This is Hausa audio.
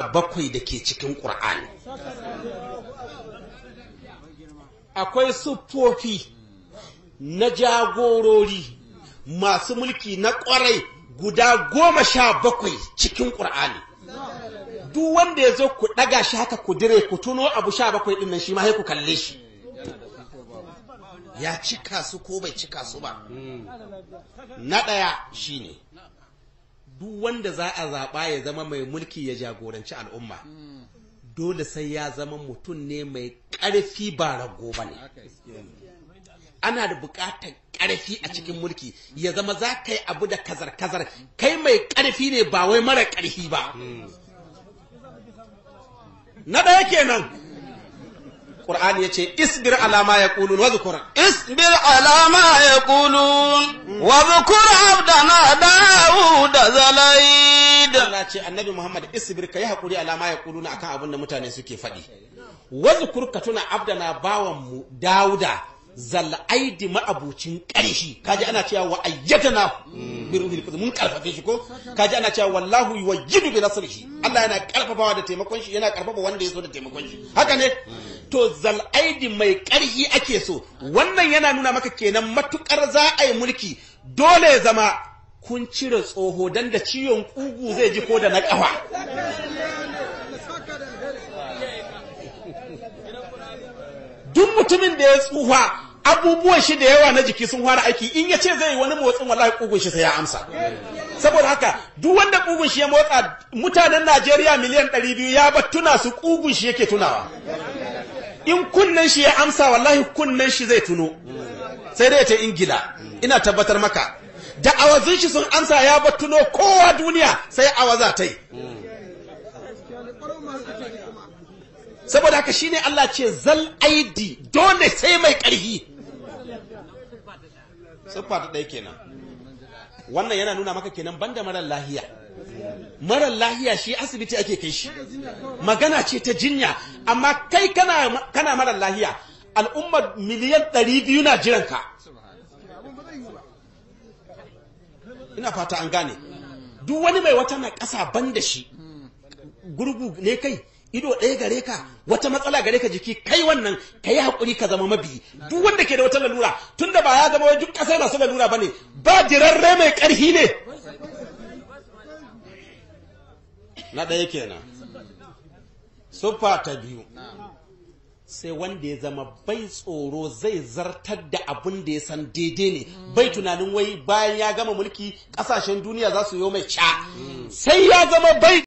A bakwai da ke cikin ƙur'ani akwai siffofi na jagorori masu mulki na ƙwarai guda goma sha bakwai cikin ƙur'ani duk wanda ya zo ku ɗaga shi haka ku dire ku tuno abu sha bakwai ɗin nan shi ma ku kalle shi ya cika su ko bai cika su ba na ɗaya shi ne duk wanda za a zaɓa ya zama mai mulki ya jagoranci al'umma dole sai ya zama mutum ne mai ƙarfi ba rago ba ne ana da buƙatar ƙarfi a cikin mulki ya zama za ka yi abu da kazar-kazar kai mai ƙarfi ne ba wai mara ƙarfi ba na ɗaya kenan Qur'an ya ce isbir alama ya kulun wa isbir alama ya kulun wa zukur abdana da ce annabi Muhammad isbir kai hakuri alama ya kuluna akan abin da mutane suke faɗi wazkur ka tuna abdana bawan mu Dauda zal aidi ma'abucin ƙarshi kaji ana cewa wa ayyadana birrul qudus mun karfafe shi ko kaji ana cewa wallahu yuwajjidu bi nasrihi Allah yana karfafawa da taimakon shi yana karfafa wanda ya so da taimakon shi haka ne to zal aidi mai ƙarhi ake so wannan yana nuna maka kenan matukar za a yi mulki dole ya zama kun cire tsoho don da ciwon ƙugu zai ji ko da na ƙafa duk mutumin da ya tsufa abubuwan shi da yawa na jiki sun fara aiki in ya ce zai wani motsin wallahi kugun shi sai ya amsa saboda haka duk wanda kugun shi ya motsa mutanen Najeriya miliyan ɗari biyu ya ba tuna su ƙugun shi yake tunawa in kunnen shi ya amsa wallahi kunnen shi zai tuno sai dai ya ce ingila ina tabbatar maka da awazin shi sun amsa ya batuno kowa duniya sai awaza ta yi saboda haka shine Allah ce zal aidi dole sai mai ƙarfi. siffa ta ɗaya kenan wannan yana nuna maka kenan banda marar lahiya marar lahiya shi asibiti ake kai shi magana ce ta jinya amma kai kana marar lahiya al'ummar miliyan ɗari biyu na jiranka ina fata an gane duk wani mai wata na ƙasa ban da shi gurgu ne kai ido ɗaya gare ka wata matsala gare ka jiki kai wannan ka yi haƙuri ka zama mabi duk wanda ke da wata lalura tun da ba ya zama duk ƙasar masu lalura ba ne ba jirarre mai ƙarfi ne na ɗaya kenan siffa ta biyu sai wanda ya zama bai tsoro zai zartar da abin da ya san daidai ne bai tunanin wai bayan ya gama mulki kasashen duniya za su yi mai ca sai ya zama bai